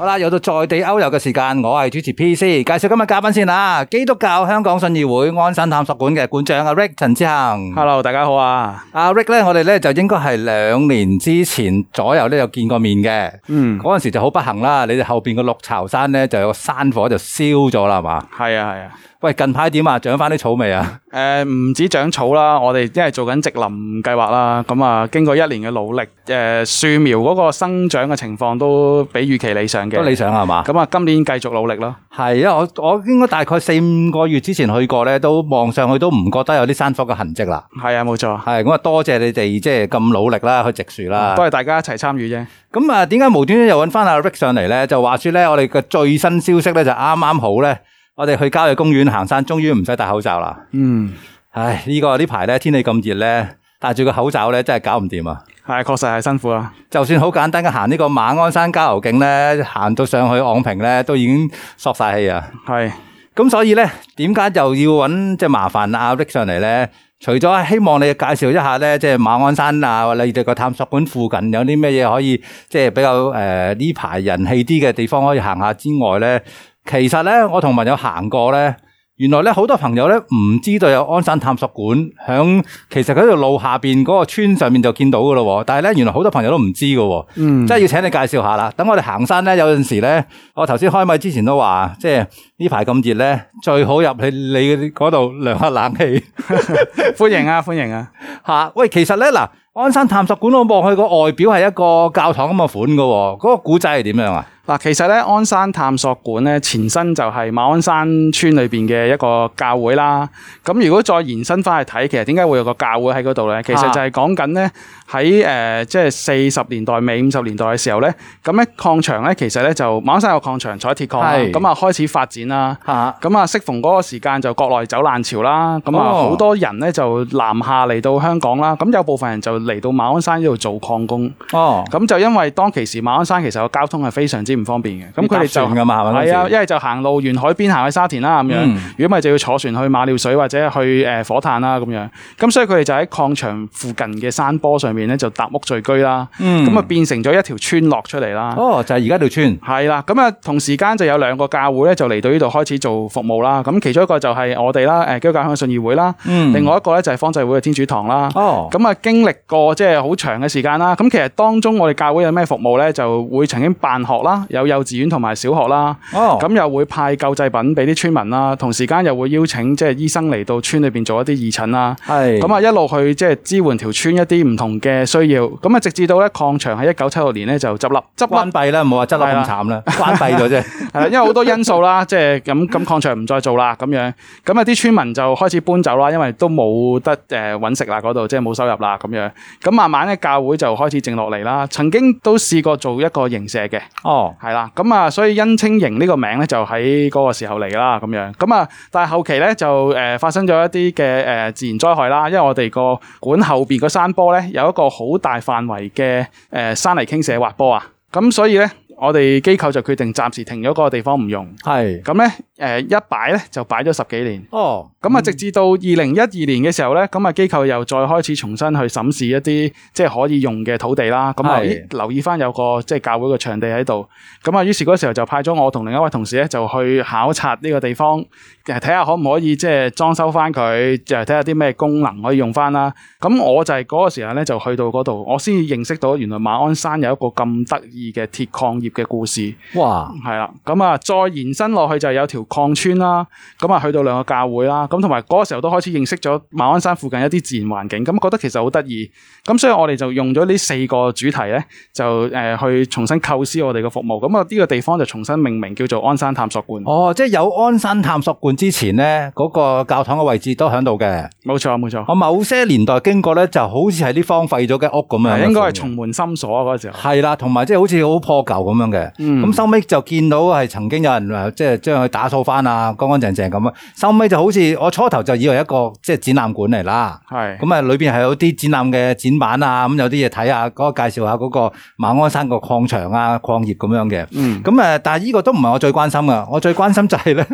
好啦，又到在地 Out 遊嘅時間，我係主持 PC，介紹今日嘉賓先啦。基督教香港信義會鞍山探索館嘅館長阿 Rick 陳之恒，Hello，大家好啊！阿 Rick 咧，我哋咧就應該係兩年之前左右咧有見過面嘅。嗯，嗰陣時就好不幸啦，你哋後邊個鹿巢山咧就有個山火就燒咗啦，係嘛？係啊，係啊。喂，近排點啊？長翻啲草未啊？誒、呃，唔止長草啦，我哋因為做緊植林計劃啦。咁啊，經過一年嘅努力，誒、呃，樹苗嗰個生長嘅情況都比預期理想嘅。都理想係嘛？咁啊，今年繼續努力咯。係啊，我我應該大概四五個月之前去過咧，都望上去都唔覺得有啲山火嘅痕跡啦。係啊，冇錯。係，咁啊多謝你哋即係咁努力啦，去植樹啦。都、嗯、係大家一齊參與啫。咁啊，點解無端端又揾翻阿 Ric 上嚟咧？就話說咧，我哋嘅最新消息咧就啱啱好咧。我哋去郊野公園行山，終於唔使戴口罩啦。嗯，唉，呢個呢排咧天氣咁熱咧，戴住個口罩咧真係搞唔掂啊！係，確實係辛苦啊。就算好簡單嘅行呢個馬鞍山郊遊徑咧，行到上去昂平咧，都已經索晒氣啊！係，咁所以咧，點解又要搵即係麻煩阿 Ric 上嚟咧？除咗希望你介紹一下咧，即係馬鞍山啊，或者你哋個探索館附近有啲咩嘢可以，即係比較誒呢排人氣啲嘅地方可以行下之外咧。其實咧，我同朋友行過咧，原來咧好多朋友咧唔知道有鞍山探索館響，其實喺條路下邊嗰個村上面就見到噶咯。但係咧，原來好多朋友都唔知噶，即、嗯、係要請你介紹下啦。等我哋行山咧，有陣時咧，我頭先開咪之前都話，即係呢排咁熱咧，最好入去你嗰度涼下冷氣。 歡迎啊，歡迎啊！吓，喂，其實咧嗱，鞍山探索館我望佢個外表係一個教堂咁嘅款噶，嗰、那個古仔係點樣啊？嗱，其實咧，鞍山探索館咧前身就係馬鞍山村裏邊嘅一個教會啦。咁如果再延伸翻去睇，其實點解會有個教會喺嗰度咧？其實就係講緊咧喺誒即係四十年代尾、五十年代嘅時候咧，咁咧礦場咧其實咧就馬鞍山有礦場採鐵礦啦，咁啊開始發展啦。咁啊，適逢嗰個時間就國內走難潮啦，咁啊好多人咧就南下嚟到香港啦。咁有部分人就嚟到馬鞍山呢度做礦工。哦、啊！咁就因為當其時馬鞍山其實個交通係非常之唔方便嘅，咁佢哋就係啊，一係就行路沿海邊行去沙田啦咁樣。如果唔係就要坐船去馬料水或者去誒火炭啦咁樣。咁所以佢哋就喺礦場附近嘅山坡上面咧，就搭屋聚居啦。咁、嗯、啊，就變成咗一條村落出嚟啦。哦，就係而家條村。係啦，咁啊，同時間就有兩個教會咧，就嚟到呢度開始做服務啦。咁其中一個就係我哋啦，誒基督教香港信義會啦、嗯。另外一個咧就係方濟會嘅天主堂啦。哦。咁啊，經歷過即係好長嘅時間啦。咁其實當中我哋教會有咩服務咧，就會曾經辦學啦。有幼稚園同埋小學啦，咁、oh. 又會派救濟品俾啲村民啦，同時間又會邀請即係醫生嚟到村裏邊做一啲義診啦，咁、hey. 啊一路去即係支援條村一啲唔同嘅需要，咁啊直至到咧礦場喺一九七六年咧就執笠執閉啦，唔好話執笠咁慘啦，關閉咗啫，係 因為好多因素啦，即係咁咁礦場唔再做啦，咁樣咁啊啲村民就開始搬走啦，因為都冇得誒揾、呃、食啦嗰度，即係冇收入啦咁樣，咁慢慢咧教會就開始靜落嚟啦，曾經都試過做一個營舍嘅。Oh. 係啦，咁啊，所以恩青營呢個名咧就喺嗰個時候嚟啦，咁樣，咁啊，但係後期咧就誒、呃、發生咗一啲嘅誒自然災害啦，因為我哋個館後邊個山坡咧有一個好大範圍嘅誒山泥傾瀉滑坡啊，咁所以咧。我哋機構就決定暫時停咗嗰個地方唔用，係咁咧，一擺咧就擺咗十幾年，哦，咁啊直至到二零一二年嘅時候咧，咁啊機構又再開始重新去審視一啲即係可以用嘅土地啦，咁啊留意翻有個即係教會嘅場地喺度，咁啊於是嗰時候就派咗我同另一位同事咧就去考察呢個地方，睇下可唔可以即係裝修翻佢，就係睇下啲咩功能可以用翻啦，咁我就係嗰個時候咧就去到嗰度，我先認識到原來馬鞍山有一個咁得意嘅鐵礦業。嘅故事哇，係啦，咁啊，再延伸落去就係有條礦村啦，咁啊，去到兩個教會啦，咁同埋嗰時候都開始認識咗馬鞍山附近一啲自然環境，咁覺得其實好得意，咁所以我哋就用咗呢四個主題咧，就誒，去重新構思我哋嘅服務，咁啊呢個地方就重新命名叫做鞍山探索館。哦，即係有鞍山探索館之前咧，嗰個教堂嘅位置都響度嘅，冇錯冇錯。我某些年代經過咧，就好似係啲荒廢咗嘅屋咁樣，應該係重門深鎖嗰時候，係啦，同埋即係好似好破舊咁。咁、嗯、嘅，咁收尾就見到係曾經有人即係將佢打掃翻啊，乾乾淨淨咁啊。收尾就好似我初頭就以為一個即係、就是、展覽館嚟啦，係咁啊，裏邊係有啲展覽嘅展板啊，咁有啲嘢睇下，嗰個介紹下嗰個馬鞍山個礦場啊，礦業咁樣嘅，咁、嗯、啊，但係依個都唔係我最關心嘅，我最關心就係咧，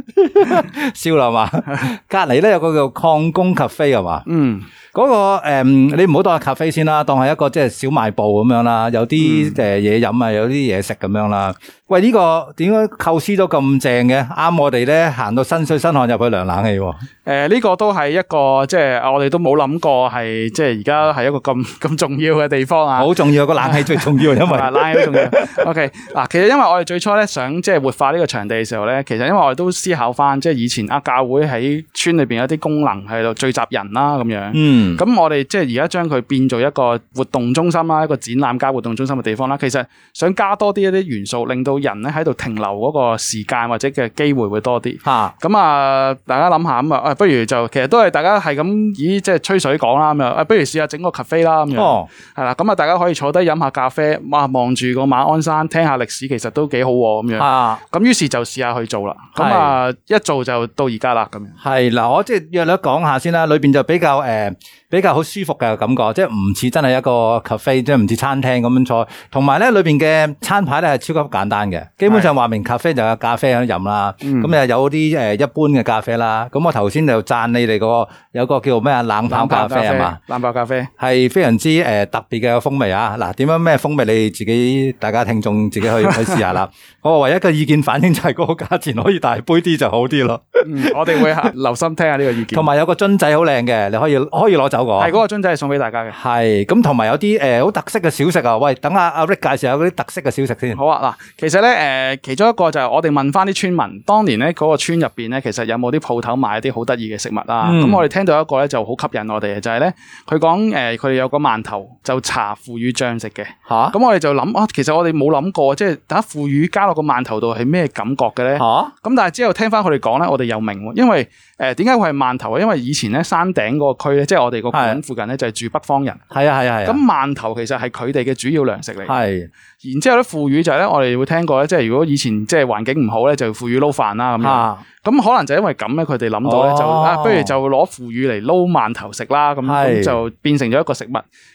笑啦嘛，隔離咧有個叫礦工咖啡啊嘛，嗯，嗰、那個、嗯、你唔好當係咖啡先啦，當係一個即係小賣部咁樣啦，有啲嘢、嗯呃、飲啊，有啲嘢食咁。樣啦，喂，呢個點解構思都咁正嘅？啱我哋咧，行到身水身汗入去涼冷氣。誒，呢個都係一個即係我哋都冇諗過，係即係而家係一個咁咁重要嘅地方啊！好重要，個冷氣最重要，因為拉都重要。OK，嗱，其實因為我哋最初咧想即係活化呢個場地嘅時候咧，其實因為我哋都思考返，即係以前啊教會喺村裏邊有啲功能喺度聚集人啦，咁樣。嗯。咁我哋即係而家將佢變做一個活動中心啦，一個展覽加活動中心嘅地方啦。其實想加多啲一啲。元素令到人咧喺度停留嗰個時間或者嘅機會會多啲。吓咁啊，大家諗下咁啊，不如就其實都係大家係咁，咦，即係吹水講啦咁樣。誒，不如試下整個 cafe 啦咁樣。哦，係啦，咁啊，大家可以坐低飲下咖啡，哇，望住個馬鞍山，聽下歷史，其實都幾好咁樣。啊，咁於是就試下去做啦。咁啊，一做就到而家啦。咁樣係嗱，我即係約你講下先啦。裏邊就比較誒。呃比較好舒服嘅感覺，即係唔似真係一個 cafe，即係唔似餐廳咁樣坐。同埋咧，裏邊嘅餐牌咧係超級簡單嘅，基本上話明 cafe 就有咖啡可以飲啦。咁啊有啲誒一般嘅咖啡啦。咁、嗯、我頭先就讚你哋個有個叫咩啊冷泡咖啡啊嘛，冷泡咖啡係非常之誒、呃、特別嘅風味啊。嗱，點樣咩風味？你自己大家聽眾自己去 去試下啦。我唯一嘅意見，反映就係嗰個價錢可以大杯啲就好啲咯、嗯。我哋會留心聽一下呢個意見。同埋有，有個樽仔好靚嘅，你可以可以攞。係嗰、那個樽仔係送俾大家嘅，係咁同埋有啲誒好特色嘅小食啊！喂，等下，阿 Rick 介紹一下嗰啲特色嘅小食先。好啊，嗱，其實咧誒、呃，其中一個就係我哋問翻啲村民，當年咧嗰、那個村入邊咧，其實有冇啲鋪頭賣一啲好得意嘅食物啊？咁、嗯、我哋聽到一個咧就好吸引我哋嘅，就係咧佢講誒，佢哋、呃、有個饅頭就搽腐乳醬食嘅嚇。咁、啊、我哋就諗啊，其實我哋冇諗過，即係打腐乳加落個饅頭度係咩感覺嘅咧嚇？咁、啊、但係之後聽翻佢哋講咧，我哋又明喎，因為誒點解會係饅頭啊？因為以前咧山頂嗰個區咧，即、就、係、是、我哋、那個附近咧就係住北方人，係啊係啊係啊。咁饅頭其實係佢哋嘅主要糧食嚟。係然之後咧，腐乳就係咧，我哋會聽過咧，即係如果以前即係環境唔好咧，就腐乳撈飯啦咁樣。咁、啊、可能就因為咁咧，佢哋諗到咧，就、哦、啊不如就攞腐乳嚟撈饅頭食啦咁，就變成咗一個食物。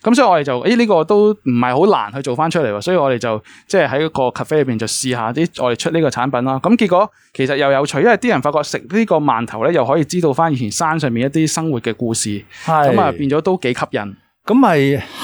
咁所以我哋就誒呢、哎這個都唔係好難去做翻出嚟喎。所以我哋就即係喺個咖啡入邊就試下啲我哋出呢個產品啦。咁結果其實又有趣，因為啲人發覺食呢個饅頭咧，又可以知道翻以前山上面一啲生活嘅故事，咁啊變咗都幾吸引。咁咪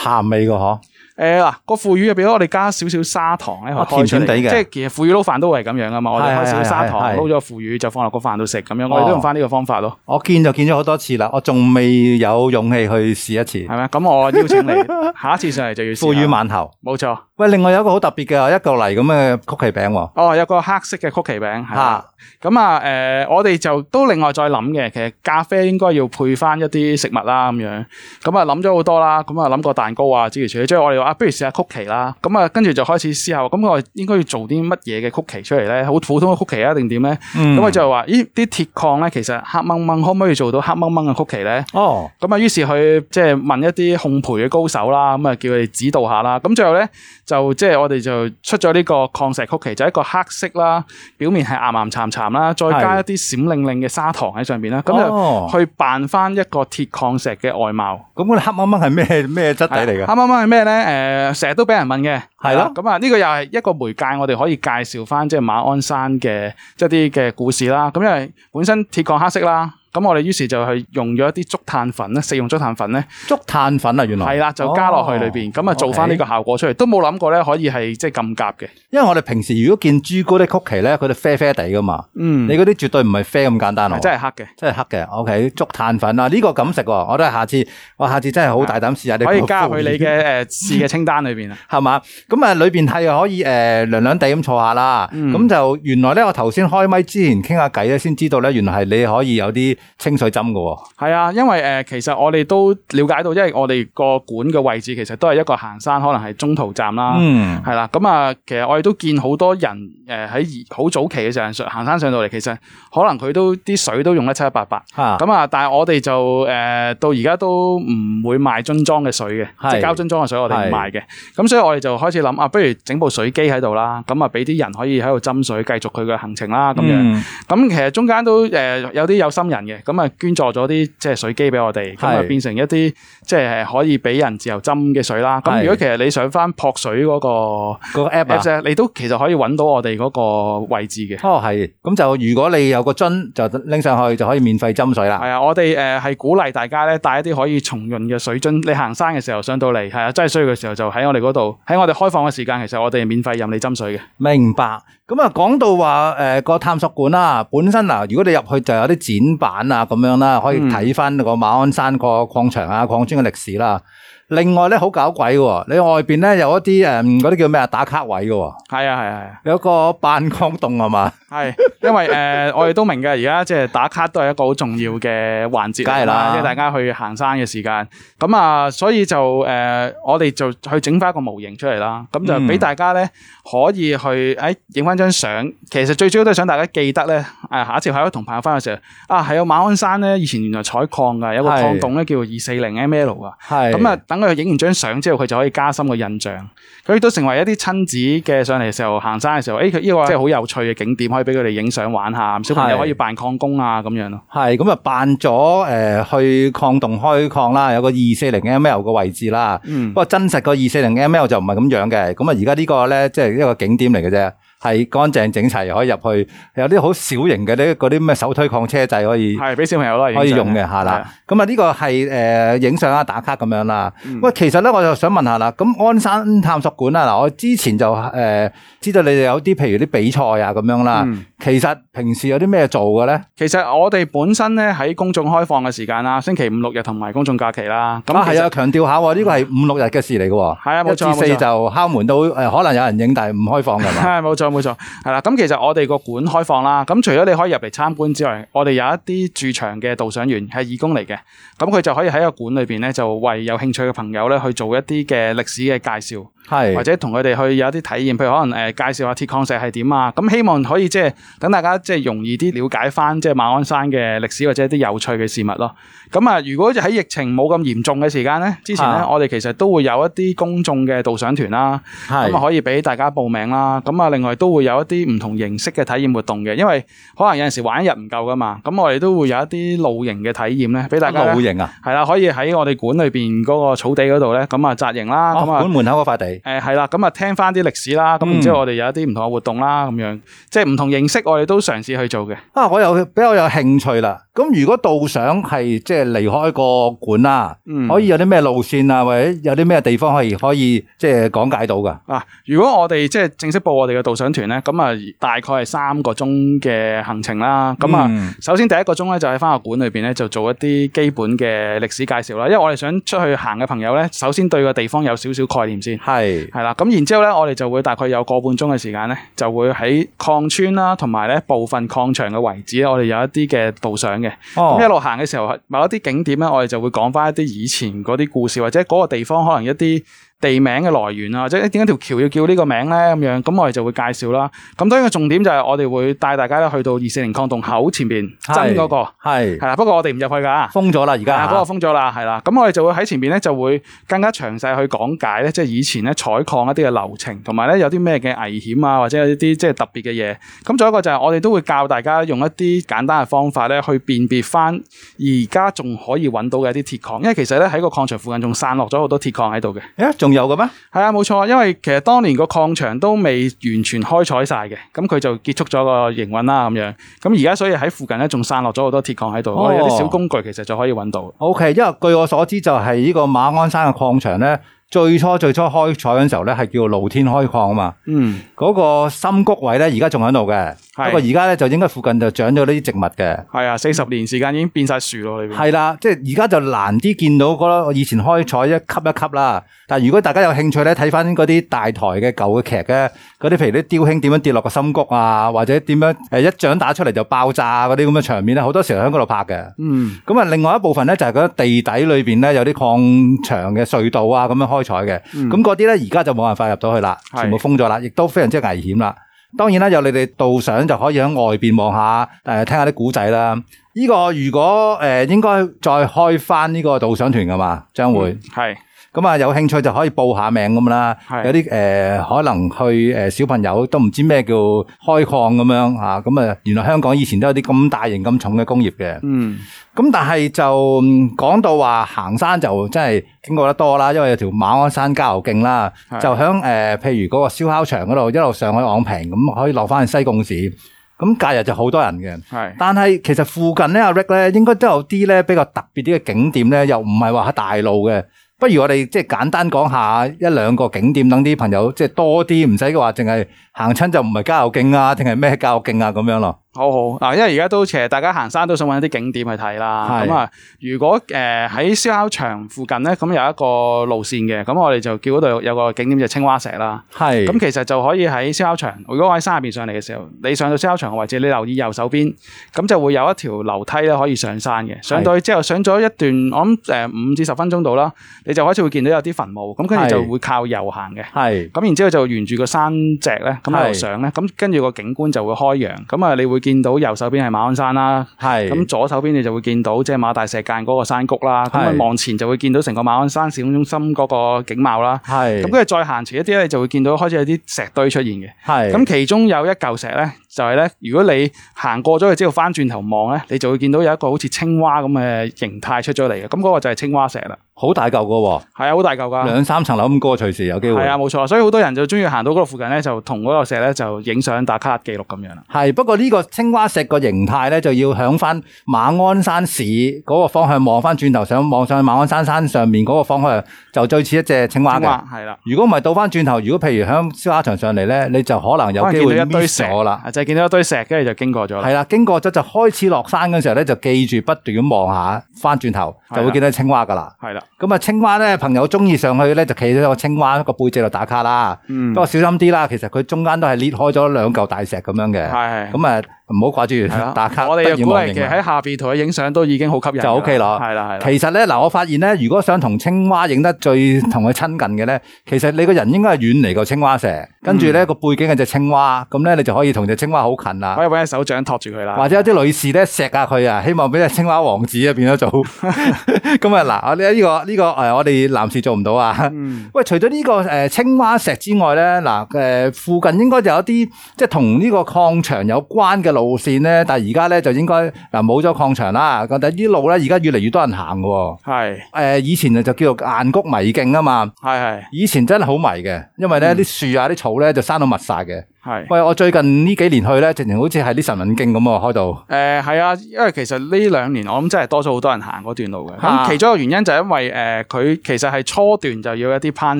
鹹味嘅嗬。誒、呃、嗱，個腐乳入邊我哋加少少砂糖咧、啊，甜甜地嘅。即係其實腐乳撈飯都係咁樣㗎嘛，我哋開少少砂糖，撈咗個腐乳就放落個飯度食，咁樣、哦、我哋都用翻呢個方法咯。我見就見咗好多次啦，我仲未有勇氣去試一次。係咪？咁我邀請你下一次上嚟就要 腐乳饅頭。冇錯。喂，另外有一個好特別嘅，一嚿泥咁嘅曲奇餅喎、哦。哦，有個黑色嘅曲奇餅。吓。咁啊，誒、呃，我哋就都另外再諗嘅。其實咖啡應該要配翻一啲食物啦，咁樣。咁啊諗咗好多啦。咁啊諗過蛋糕啊之如此類，即係我哋啊，不如試下曲奇啦，咁啊，跟住就開始思考，咁我應該要做啲乜嘢嘅曲奇出嚟咧？好普通嘅曲奇啊，定點咧？咁、嗯、啊就係話，咦啲鐵礦咧，其實黑掹掹，可唔可以做到黑掹掹嘅曲奇咧？哦，咁啊，於是去即係問一啲烘焙嘅高手啦，咁啊叫佢哋指導下啦。咁最後咧就即係我哋就出咗呢個礦石曲奇，就一個黑色啦，表面係岩岩沉沉啦，再加一啲閃亮亮嘅砂糖喺上邊啦，咁就、哦、去扮翻一個鐵礦石嘅外貌。咁嗰哋黑掹掹係咩咩質地嚟嘅？黑掹掹係咩咧？誒～誒、嗯，成日都畀人問嘅，係咯，咁啊呢個又係一個媒介，我哋可以介紹翻即係馬鞍山嘅即係啲嘅故事啦。咁因為本身鐵礦黑色啦。咁我哋於是就係用咗一啲竹炭粉咧，食用竹炭粉咧，竹炭粉啊，原來係啦，就加落去裏邊，咁、哦、啊做翻呢個效果出嚟，okay。都冇諗過咧可以係即係咁夾嘅。因為我哋平時如果見朱古力曲奇咧，佢哋啡啡地噶嘛，嗯，你嗰啲絕對唔係啡咁簡單、啊，係真係黑嘅，真係黑嘅。O K，竹炭粉啊，呢、這個咁食喎，我都係下次，我下次真係好大膽試下、啊，你可以加去你嘅誒試嘅清單裏邊啊，係、嗯、嘛？咁啊，裏邊係可以誒、呃、涼，涼涼地咁坐下啦。咁、嗯、就原來咧，我頭先開咪之前傾下偈咧，先知道咧，原來係你可以有啲清水斟嘅喎，係啊，因為誒、呃，其實我哋都了解到，因為我哋個館嘅位置其實都係一個行山，可能係中途站啦，嗯，係啦、啊，咁啊，其實我哋都見好多人誒喺好早期嘅時候上行山上到嚟，其實可能佢都啲水都用得七七八八，吓，咁啊，但係我哋就誒、呃、到而家都唔會賣樽裝嘅水嘅，即係膠樽裝嘅水我哋唔賣嘅，咁所以我哋就開始諗啊，不如整部水機喺度啦，咁啊俾啲人可以喺度斟水，繼續佢嘅行程啦，咁、嗯、樣，咁其實中間都誒、呃、有啲有心人嘅。咁啊，捐助咗啲即係水機俾我哋，咁啊變成一啲即係可以俾人自由斟嘅水啦。咁如果其實你想翻撲水嗰個個 app、啊、你都其實可以揾到我哋嗰個位置嘅。哦，係。咁就如果你有個樽，就拎上去就可以免費斟水啦。係啊，我哋誒係鼓勵大家咧帶一啲可以重潤嘅水樽。你行山嘅時候上到嚟，係啊真係需要嘅時候就喺我哋嗰度，喺我哋開放嘅時間，其實我哋係免費任你斟水嘅。明白。咁啊講到話誒個探索館啦，本身嗱如果你入去就有啲展板。咁樣啦，可以睇翻個馬鞍山個礦場啊、礦村嘅歷史啦。另外咧好搞鬼喎。你外邊咧有一啲誒，嗰、嗯、啲叫咩啊？打卡位嘅，係啊係啊係啊，有個礦洞係嘛？係，因為誒，呃、 我哋都明嘅，而家即係打卡都係一個好重要嘅環節啦，梗係、即係、大家去行山嘅時間，咁啊，所以就誒、呃，我哋就去整翻一個模型出嚟啦。咁就俾大家咧可以去誒影翻張相。其實最主要都想大家記得咧，誒，下一次喺度同朋友翻嘅時候，啊，係有馬鞍山咧以前原來採礦㗎，有個礦洞咧叫二四零 M L 噶，係咁啊。咁佢影完張相之後，佢就可以加深個印象。佢亦都成為一啲親子嘅上嚟時候行山嘅時候，誒，佢、哎、呢、這個即係好有趣嘅景點，可以俾佢哋影相玩下，小朋友可以扮礦工啊，咁樣咯。係，咁啊扮咗誒去礦洞開礦啦，有個二四零 ml 個位置啦。嗯，不過真實 240ML 個二四零 ml 就唔係咁樣嘅。咁啊，而家呢個咧，即係一個景點嚟嘅啫。係乾淨整齊，可以入去。有啲好小型嘅啲嗰啲咩手推礦車仔可以係，俾小朋友都可以用嘅吓啦。咁啊呢個係誒影相啊打卡咁樣啦。喂，其實咧我就想問下啦，咁鞍山探索館啊嗱，我之前就誒知道你哋有啲譬如啲比賽啊咁樣啦。其實平時有啲咩做嘅咧？其實我哋本身咧喺公眾開放嘅時間啦，星期五六日同埋公眾假期啦。咁啊係啊，強調下呢個係五六日嘅事嚟嘅。係啊，冇錯。一至四就敲門都誒，可能有人影，但係唔開放嘅嘛。係冇錯。冇錯，係啦。咁其實我哋個館開放啦。咁除咗你可以入嚟參觀之外，我哋有一啲駐場嘅導賞員係義工嚟嘅。咁佢就可以喺個館裏邊咧，就為有興趣嘅朋友咧去做一啲嘅歷史嘅介紹。係，或者同佢哋去有一啲體驗，譬如可能誒介紹下鐵礦石係點啊？咁希望可以即係等大家即係容易啲了解翻即係馬鞍山嘅歷史或者一啲有趣嘅事物咯。咁啊，如果喺疫情冇咁嚴重嘅時間咧，之前咧我哋其實都會有一啲公眾嘅導賞團啦，咁啊可以俾大家報名啦。咁啊另外都會有一啲唔同形式嘅體驗活動嘅，因為可能有陣時玩一日唔夠噶嘛。咁我哋都會有一啲露營嘅體驗咧，俾大家。一個露營啊，係啦，可以喺我哋館裏邊嗰個草地嗰度咧，咁啊紮營啦，館門口嗰塊地。誒、嗯，係啦，咁啊聽翻啲歷史啦，咁然之後，我哋有一啲唔同嘅活動啦，咁樣，即係唔同形式，我哋都嘗試去做嘅。啊，我又比較有興趣啦。咁如果導賞係即係離開個館啦，可以有啲咩路線啊，或者有啲咩地方可以可以即係講解到㗎？啊，如果我哋即係正式報我哋嘅導賞團咧，咁啊大概係三個鐘嘅行程啦。咁啊，首先第一個鐘咧就喺返個館裏邊咧，就做一啲基本嘅歷史介紹啦。因為我哋想出去行嘅朋友咧，首先對個地方有少少概念先。係係啦。咁然之後咧，我哋就會大概有個半鐘嘅時間咧，就會喺礦村啦，同埋咧部分礦場嘅位置咧，我哋有一啲嘅導賞嘅。咁、哦、一路行嘅時候，某一啲景點咧，我哋就會講翻一啲以前嗰啲故事，或者嗰個地方可能一啲地名嘅來源啊，即係點解條橋要叫呢個名咧？咁樣咁我哋就會介紹啦。咁當然個重點就係我哋會帶大家咧去到二四零礦洞口前邊，真嗰個係係啦。不過我哋唔入去噶，封咗啦，而家嗰個封咗啦，係啦。咁我哋就會喺前邊咧就會更加詳細去講解咧，即係以前咧採礦一啲嘅流程，同埋咧有啲咩嘅危險啊，或者有啲即係特別嘅嘢。咁仲有一個就係我哋都會教大家用一啲簡單嘅方法咧去辨別翻而家仲可以揾到嘅一啲鐵礦，因為其實咧喺個礦場附近仲散落咗好多鐵礦喺度嘅。欸仲有嘅咩？係啊，冇錯，因為其實當年個礦場都未完全開採晒嘅，咁佢就結束咗個營運啦，咁樣。咁而家所以喺附近咧，仲散落咗好多鐵礦喺度。我哋有啲小工具，其實就可以揾到。OK，因為據我所知，就係呢個馬鞍山嘅礦場咧。最初最初開採嗰時候咧，係叫露天開礦啊嘛。嗯。嗰個深谷位咧，而家仲喺度嘅。係。不過而家咧就應該附近就長咗呢啲植物嘅。係啊，四十年時間已經變晒樹咯。嗯。裡邊。係啦，即係而家就難啲見到嗰以前開採一級一級啦。但係如果大家有興趣咧，睇翻嗰啲大台嘅舊嘅劇咧，嗰啲譬如啲雕兄點樣跌落個深谷啊，或者點樣誒一掌打出嚟就爆炸嗰啲咁嘅場面咧，好多時候響嗰度拍嘅。嗯。咁啊，另外一部分咧就係嗰地底裏邊咧有啲礦場嘅隧道啊，咁樣開。開採嘅，咁嗰啲咧而家就冇辦法入到去啦，全部封咗啦，亦都非常之危險啦。當然啦，有你哋導賞就可以喺外邊望下，誒、呃，聽下啲古仔啦。呢、這個如果誒、呃，應該再開翻呢個導賞團噶嘛，將會係。嗯咁啊，有興趣就可以報下名咁啦。有啲誒、呃，可能去誒、呃、小朋友都唔知咩叫開礦咁樣嚇。咁啊，原來香港以前都有啲咁大型、咁重嘅工業嘅。嗯。咁但係就講到話行山就真係經過得多啦，因為有條馬鞍山郊遊徑啦，就喺誒、呃、譬如嗰個燒烤場嗰度一路上去昂坪，咁可以落翻去西貢市。咁隔日就好多人嘅。係。但係其實附近咧，阿 Rick 咧，應該都有啲咧比較特別啲嘅景點咧，又唔係話喺大路嘅。不如我哋即係簡單講下一兩個景點，等啲朋友即係多啲，唔使話淨係行親就唔係郊遊徑啊，定係咩郊遊徑啊咁樣咯。好好嗱，因為而家都其實大家行山都想揾一啲景點去睇啦。咁啊，如果誒喺、呃、燒烤場附近咧，咁有一個路線嘅，咁我哋就叫嗰度有一個景點就青蛙石啦。係，咁其實就可以喺燒烤場。如果我喺山入邊上嚟嘅時候，你上到燒烤場嘅位置，你留意右手邊，咁就會有一條樓梯咧可以上山嘅。上到去之後，上咗一段，我諗誒五至十分鐘度啦，你就開始會見到有啲墳墓。咁跟住就會靠右行嘅。係，咁然之後就沿住個山脊咧，咁喺度上咧，咁跟住個景觀就會開揚。咁啊，你會，見到右手邊係馬鞍山啦，係，咁左手邊你就會見到即係馬大石間嗰個山谷啦，咁啊，望前就會見到成個馬鞍山市中心嗰個景貌啦，係，咁跟住再行前一啲咧，你就會見到開始有啲石堆出現嘅，係，咁其中有一嚿石咧。就係、是、咧，如果你行過咗去之後翻轉頭望咧，你就會見到有一個好似青蛙咁嘅形態出咗嚟嘅，咁、那、嗰個就係青蛙石啦，好大嚿㗎喎。係啊，好、啊、大嚿噶，兩三層樓咁高，隨時有機會。係啊，冇錯，所以好多人就中意行到嗰度附近咧，就同嗰個石咧就影相、打卡、記錄咁樣啦。係，不過呢個青蛙石個形態咧就要響翻馬鞍山市嗰個方向望翻轉頭，想望上去馬鞍山山上面嗰個方向就最似一隻青蛙嘅。係啦。如果唔係倒翻轉頭，如果譬如響燒烤場上嚟咧，你就可能有機會，有機會見到一堆蛇啦，啊就是見到一堆石，跟住就經過咗。係啦，經過咗就開始落山嘅時候咧，就記住不斷咁望下，翻轉頭就會見到青蛙噶啦。係啦，咁啊青蛙咧，朋友中意上去咧，就企喺個青蛙個背脊度打卡啦。嗯，不過小心啲啦，其實佢中間都係裂開咗兩嚿大石咁樣嘅。係，咁啊。唔好掛住打卡，我哋又鼓其其實喺下邊同佢影相都已經好吸引，就 O K 咯，係啦係啦。其實咧嗱，我發現咧，如果想同青蛙影得最同佢親近嘅咧， 其實你個人應該係遠離個青蛙石，跟住咧個背景係隻青蛙，咁咧你就可以同隻青蛙好近啦。可以搵，手掌托住佢啦，或者有啲女士咧，錫下佢啊，希望俾隻青蛙王子啊變咗做。咁啊嗱，我呢呢個呢個誒，我哋男士做唔到啊，嗯。喂，除咗呢、這個誒、呃、青蛙石之外咧，嗱、呃、誒附近應該就有啲即係同呢個礦場有關嘅路線呢，但係而家呢，就應該冇咗礦場啦。咁但係啲路呢，而家越嚟越多人行㗎。係，誒、呃，以前就就叫做岩谷迷徑啊嘛。係係。以前真係好迷嘅，因為呢啲樹啊、啲、嗯、草呢，就生到密晒嘅。係喂，我最近呢幾年去咧，直情好似係啲神文徑咁啊，開到誒係、呃、啊，因為其實呢兩年我諗真係多咗好多人行嗰段路嘅。咁其中一個原因就係因為誒，佢、呃、其實係初段就要一啲攀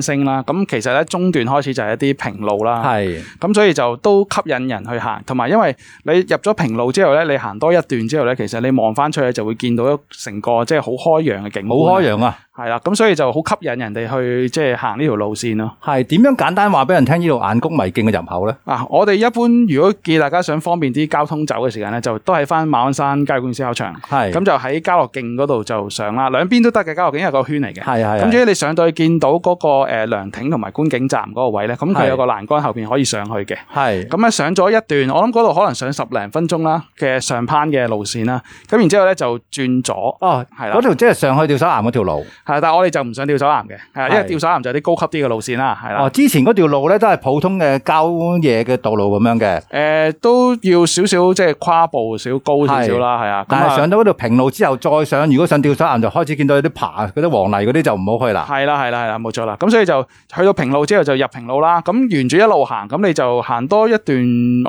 升啦。咁其實咧中段開始就係一啲平路啦。係。咁所以就都吸引人去行，同埋因為你入咗平路之後咧，你行多一段之後咧，其實你望翻出去就會見到一成個即係好開揚嘅景。好開揚啊！係啦、啊，咁所以就好吸引人哋去即係、就是、行呢條路線咯。係，點樣簡單話俾人聽呢度眼谷迷徑嘅入口咧？啊！我哋一般如果見大家想方便啲交通走嘅時間咧，就都係翻馬鞍山街觀燒烤場。係咁就喺家樂徑嗰度就上啦，兩邊都得嘅家樂徑係一個圈嚟嘅。係係。咁至於你上到去見到嗰、那個誒涼、呃、亭同埋觀景站嗰個位咧，咁佢有個欄杆後邊可以上去嘅。係咁上咗一段，我諗嗰度可能上十零分鐘啦嘅上攀嘅路線啦。咁然之後咧就轉左。哦，係啦。嗰條即係上去吊手岩嗰條路。係，但係我哋就唔上吊手岩嘅，因為吊手岩就係啲高級啲嘅路線啦。係啦。哦，之前嗰條路咧都係普通嘅郊野嘅道路咁樣嘅，誒、呃、都要少少即係跨步少高少少啦，係啊。但係上到嗰條平路之後，再上如果上吊手岩就開始見到有啲爬嗰啲黃泥嗰啲就唔好去啦。係啦、啊，係啦、啊，係啦、啊，冇錯啦。咁所以就去到平路之後就入平路啦。咁沿住一路行，咁你就行多一段，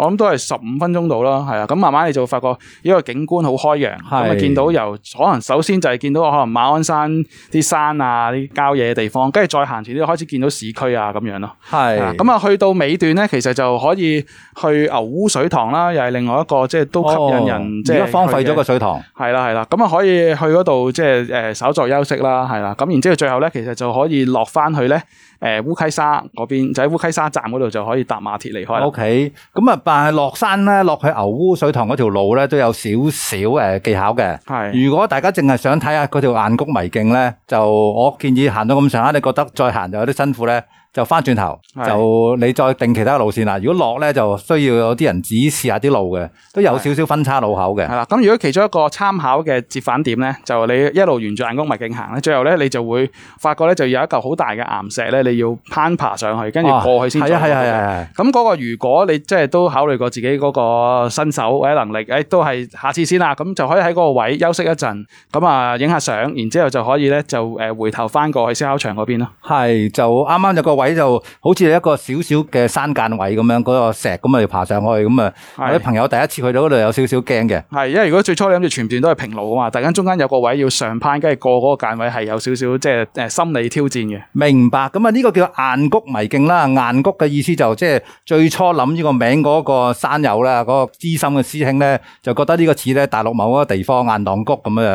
我諗都係十五分鐘度啦。係啊，咁慢慢你就會發覺，呢個景觀好開揚，咁啊見到由可能首先就係見到可能馬鞍山啲山啊、啲郊野嘅地方，跟住再行前啲開始見到市區啊咁樣咯。係、啊，咁啊去到尾段咧，其實就可以去牛污水塘啦，又係另外一個即係都吸引人。而家荒廢咗個水塘。係啦係啦，咁啊可以去嗰度即係誒稍作休息啦，係啦。咁然之後最後咧，其實就可以落翻去咧誒烏溪沙嗰邊，就喺烏溪沙站嗰度就可以搭馬鐵離開。OK，咁啊，但係落山咧，落去牛污水塘嗰條路咧都有少少誒技巧嘅。係，如果大家淨係想睇下嗰條雁谷迷徑咧，就我建議行到咁上下，你覺得再行就有啲辛苦咧。就翻轉頭，就你再定其他路線啦。如果落咧，就需要有啲人指示一下啲路嘅，都有少少分叉路口嘅。係啦，咁如果其中一個參考嘅折返點咧，就你一路沿住眼鏡迷徑行咧，最後咧你就會發覺咧就有一嚿好大嘅岩石咧，你要攀爬上去，跟住過去先，哦。係啊係啊係啊！咁嗰個如果你即係都考慮過自己嗰個新手或者、哎、能力，誒、哎、都係下次先啦。咁就可以喺嗰個位休息一陣，咁啊影下相，然之後就可以咧就誒回頭翻過去燒烤場嗰邊咯。係，就啱啱有個位。就好似一個小小嘅山澗位咁樣，嗰、那個石咁啊，要爬上去咁啊。我、那、啲、個、朋友第一次去到嗰度有少少驚嘅。係，因為如果最初你諗住全段都係平路啊嘛，突然間中間有個位要上攀，跟住過嗰個澗位係有少少即係誒心理挑戰嘅。明白，咁啊呢個叫雁谷迷徑啦。雁谷嘅意思就即係最初諗呢個名嗰、那個山友啦，嗰、那個資深嘅師兄咧，就覺得呢個似咧大陸某個地方雁蕩谷咁樣，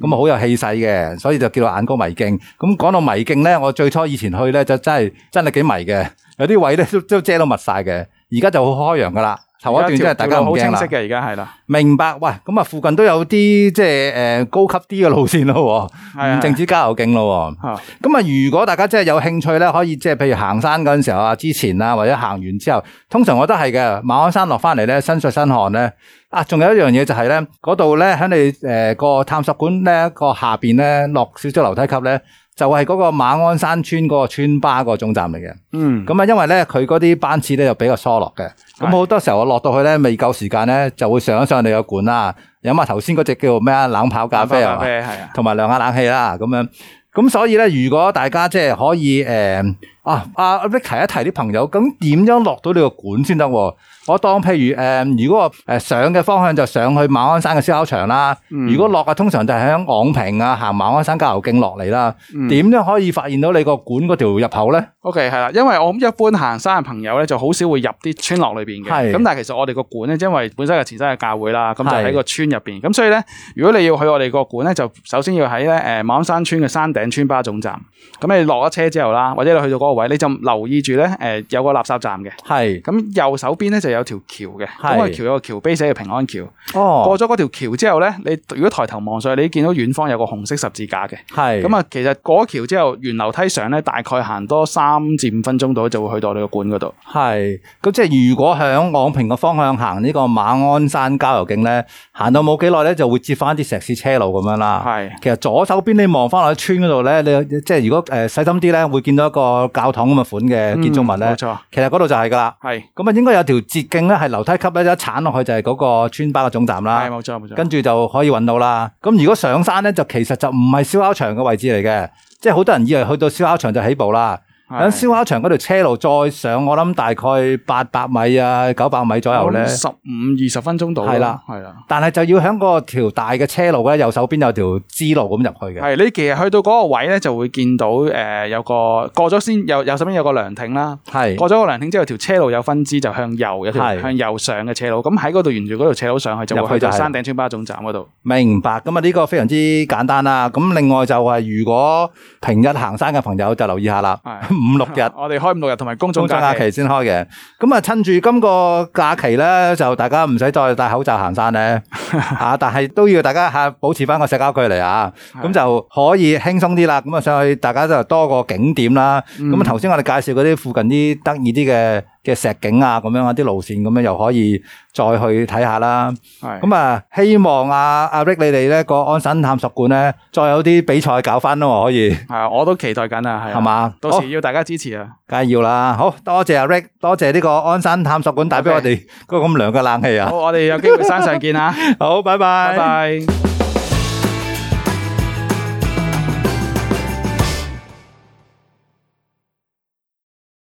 咁啊好有氣勢嘅，所以就叫做雁谷迷徑。咁講到迷徑咧，我最初以前去咧就真係。真係幾迷嘅，有啲位咧都都遮到密晒嘅。而家就好開揚噶啦頭一段真係大家都好清晰嘅，而家係啦。明白，喂，咁啊，附近都有啲即係誒高級啲嘅路線咯，唔淨止郊遊徑咯。啊，咁啊，如果大家真係有興趣咧，可以即係譬如行山嗰陣時候啊，之前啊，或者行完之後，通常我都係嘅。馬鞍山落翻嚟咧，身水身汗咧。啊，仲有一樣嘢就係、是、咧，嗰度咧喺你誒個探索館咧個下邊咧落少少樓梯級咧。就係、是、嗰個馬鞍山村嗰個村巴個總站嚟嘅，咁啊，因為咧佢嗰啲班次咧就比較疏落嘅，咁好多時候我落到去咧未夠時間咧，就會上一上你個館啦，飲下頭先嗰隻叫咩啊冷泡咖啡啊，同埋涼下冷氣啦，咁樣，咁所以咧，如果大家即係可以誒。呃啊，阿阿 Ric 提一提啲朋友，咁點樣落到你個館先得？我當譬如誒、呃，如果我上嘅方向就上去馬鞍山嘅燒烤場啦，嗯、如果落嘅通常就係喺昂坪啊，行馬鞍山郊遊徑落嚟啦。點、嗯、樣可以發現到你個館嗰條入口咧？O K 係啦，因為我一般行山嘅朋友咧，就好少會入啲村落裏面嘅。咁但係其實我哋個館咧，因為本身係前身嘅教會啦，咁就喺個村入面。咁所以咧，如果你要去我哋個館咧，就首先要喺咧誒馬鞍山村嘅山頂村巴總站。咁你落咗車之後啦，或者你去到、嗰個位你就留意住咧、呃，有個垃圾站嘅，咁、嗯、右手邊咧就有條橋嘅，咁、咁個橋有個橋碑寫嘅平安橋，哦、過咗嗰條橋之後咧，你如果抬頭望上去，你見到遠方有個紅色十字架嘅，咁啊、嗯，其實過橋之後沿樓梯上咧，大概行多三至五分鐘度就會去到你個館嗰度。咁即係如果響昂平嘅方向行呢個馬鞍山郊遊徑咧，行到冇幾耐咧就會接翻啲石屎車路咁樣啦。係其實左手邊你望翻落村嗰度咧，你即係如果誒、呃、細心啲咧會見到一個。教堂咁嘅款嘅建築物咧，冇、嗯、錯，其實嗰度就係噶啦，係咁啊，應該有條捷徑咧，係樓梯級咧一剷落去就係嗰個村巴嘅總站啦，係冇錯冇錯，跟住就可以揾到啦。咁如果上山咧，就其實就唔係燒烤場嘅位置嚟嘅，即係好多人以為去到燒烤場就起步啦。喺燒烤場嗰條車路再上，我諗大概八百米啊九百米左右咧，十五二十分鐘到。係啦，係啦。但係就要喺嗰條大嘅車路咧，右手邊有條支路咁入去嘅。係，你其實去到嗰個位咧，就會見到誒、呃，有個過咗先，右右手邊有個涼亭啦。係。過咗個涼亭之後，條車路有分支，就向右，有條向右上嘅斜路。咁喺嗰度沿住嗰條斜路上去就、就是，就去就是、山頂村巴總站嗰度。明白。咁啊，呢個非常之簡單啦。咁另外就係如果平日行山嘅朋友就留意下啦。五六日，我哋開五六日同埋公眾假期先開嘅，咁、嗯、啊趁住今個假期咧，就大家唔使再戴口罩行山咧，吓、 啊，但係都要大家吓保持返個社交距離啊，咁 就可以輕鬆啲啦，咁啊上去大家就多個景點啦，咁啊頭先我哋介紹嗰啲附近啲得意啲嘅。嘅石景啊，咁樣一啲路線咁樣又可以再去睇下啦。咁啊，希望阿阿 Ric 你哋咧個鞍山探索館咧，再有啲比賽搞返咯，可以。係，我都期待緊啊。係嘛，到時要大家支持啊。梗係要啦。好多謝阿 Ric，多謝呢個鞍山探索館帶俾我哋個咁涼嘅冷氣啊。好，我哋有機會山上見啊。好，拜拜。